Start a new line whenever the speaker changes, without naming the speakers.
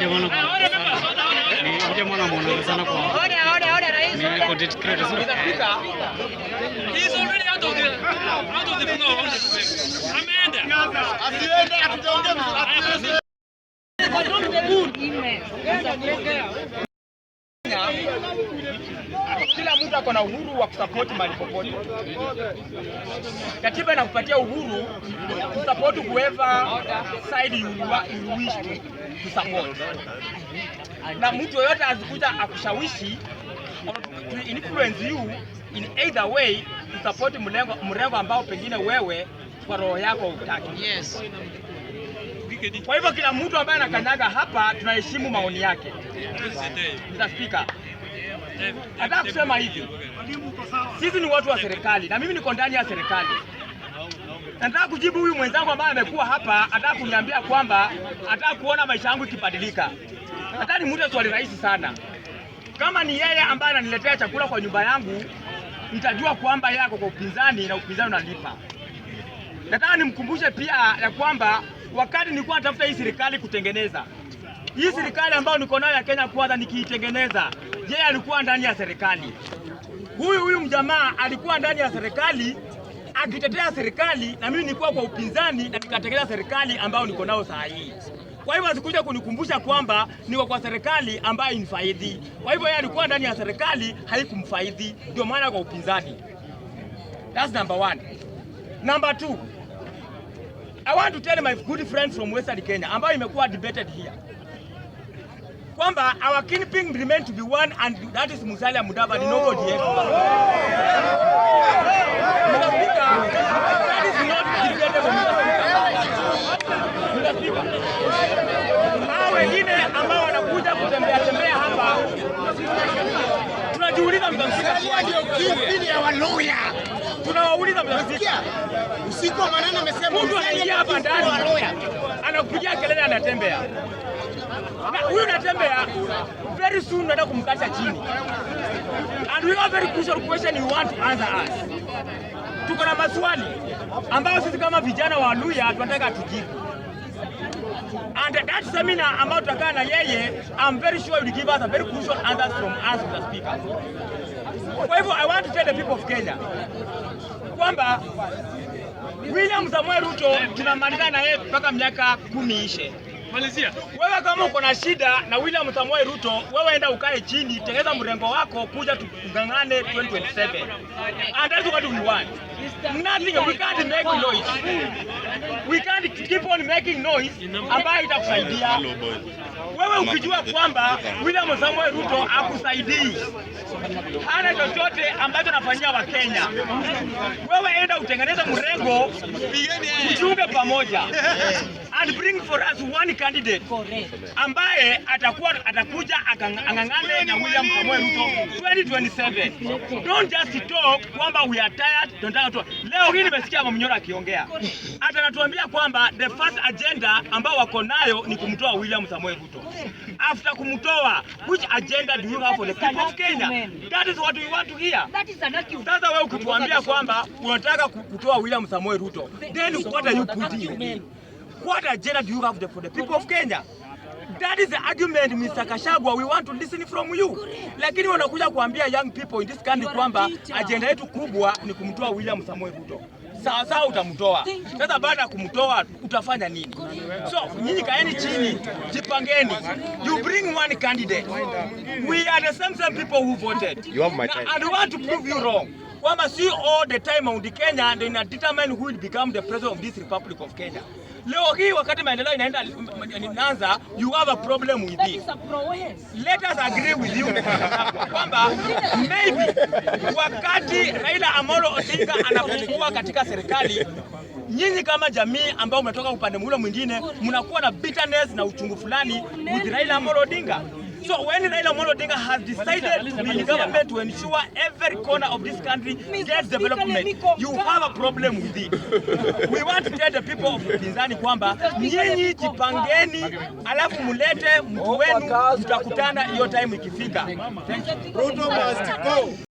Mmoja mwana mwanaona sana kwa ni content creator sana. He's already out of the out of the flow. Ameenda. Asiende atutaongea mtu. Kwa nini kila mtu ako na uhuru wa kusapoti mahali popote. Katiba inakupatia uhuru kusapoti whoever side you, wish to support, na mtu yoyote azikuja akushawishi to influence you in either way kusapoti mrengo mrengo ambao pengine wewe kwa roho yako utaki. Yes. Kwa hivyo kila mtu ambaye anakanyaga hapa tunaheshimu maoni yake. Mr. Speaker. Nataka kusema hivi, sisi ni watu wa serikali na mimi niko ndani ya serikali. Nataka kujibu huyu mwenzangu ambaye amekuwa hapa, nataka kuniambia kwamba nataka kuona maisha yangu ikibadilika. Nataka nimuulize swali rahisi sana, kama ni yeye ambaye ananiletea chakula kwa nyumba yangu, nitajua kwamba yeye ako kwa upinzani na upinzani unalipa. Nataka nimkumbushe pia ya kwamba wakati nilikuwa natafuta hii serikali kutengeneza hii serikali ambayo niko nayo ya Kenya Kwanza, nikiitengeneza Je, alikuwa ndani ya serikali? Huyu huyu mjamaa alikuwa ndani ya serikali akitetea serikali, na mimi nilikuwa kwa upinzani na nikatekeleza serikali ambayo niko nao saa hii. Kwa hivyo asikuja kunikumbusha kwamba niko kwa serikali ambayo inifaidi. Kwa hivyo yeye alikuwa ndani ya serikali haikumfaidi, ndio maana kwa upinzani. That's number one. Number two, I want to tell my good friend from Western Kenya ambayo imekuwa debated here kwamba our kingpin remain to be one and that is Musalia Mudavadi, nobody else. Mr. wengine ambao wanakuja kutembea tembea hapa tukiuliza mtamsikia.
Ndio kipi ya Waluya tunawauliza Usiku wa manane amesema
mtu anaingia hapa ndani Waluya anakupigia kelele, anatembea na huyu anatembea very soon, naenda kumkasha chini and we are very crucial question you want to answer us. Tuko na maswali ambayo sisi kama vijana wa luya tunataka tujibu. And that seminar ambayo tutakaa na yeye, I'm very sure will give us a very crucial answers from us as speakers. Kwa hivyo I want to tell the people of Kenya kwamba William Samuel Ruto tunamalizana na yeye mpaka miaka kumi ishe. Malizia. Wewe kama uko na shida na William Samoei Ruto, wewe enda ukae chini, tengeza mrengo wako, kuja tukungangane 2027. And that's what we want. Nothing we can't make noise we can't keep on making noise ambayo itakusaidia wewe, ukijua kwamba William Samuel Ruto akusaidii, hana chochote ambacho anafanyia Wakenya. Wewe enda utengeneze mrengo, mjiunge pamoja and bring for us one candidate ambaye atakuwa atakuja ang'ang'ane na William Samoei Ruto 2027. Don't just talk kwamba we are tired, tunataka tu. Leo hii nimesikia Mama Mnyora akiongea. Atanatuambia kwamba the first agenda ambao wako nayo ni kumtoa William Samoei Ruto. After kumtoa, which agenda do you have for the people of Kenya? That is what we want to hear.
That is an argument.
Sasa wewe ukituambia kwamba unataka kutoa William Samoei Ruto, then what are you putting? What agenda do you have for the people of Kenya? That is the argument Mr. Kashagwa, we want to listen from you. Lakini wanakuja kuambia young people in this country kwamba agenda yetu kubwa ni kumtoa William Samoei Ruto. Sawa sawa, utamtoa. Sasa baada ya kumtoa utafanya nini? So nyinyi kaeni chini, jipangeni. You bring one candidate. We are the same same people who voted. You have my time. And we want to prove you wrong kwamba see all the time on the Kenya and then determine who will become the president of this Republic of Kenya. Leo hii wakati maendeleo inaenda inaanza, you have a problem with it. Let us agree with you kwamba maybe wakati Raila Amolo Odinga anapungua katika serikali nyinyi kama jamii ambao mnatoka upande ule mwingine mnakuwa na bitterness na uchungu fulani with Raila Amolo Odinga. So when Raila Amolo Odinga has decided to be in government to ensure every corner of this country gets development, you have a problem with it. We want to tell the people of Pinzani kwamba nyinyi jipangeni, alafu mulete mtu wenu, mtakutana hiyo time ikifika.
Thank you.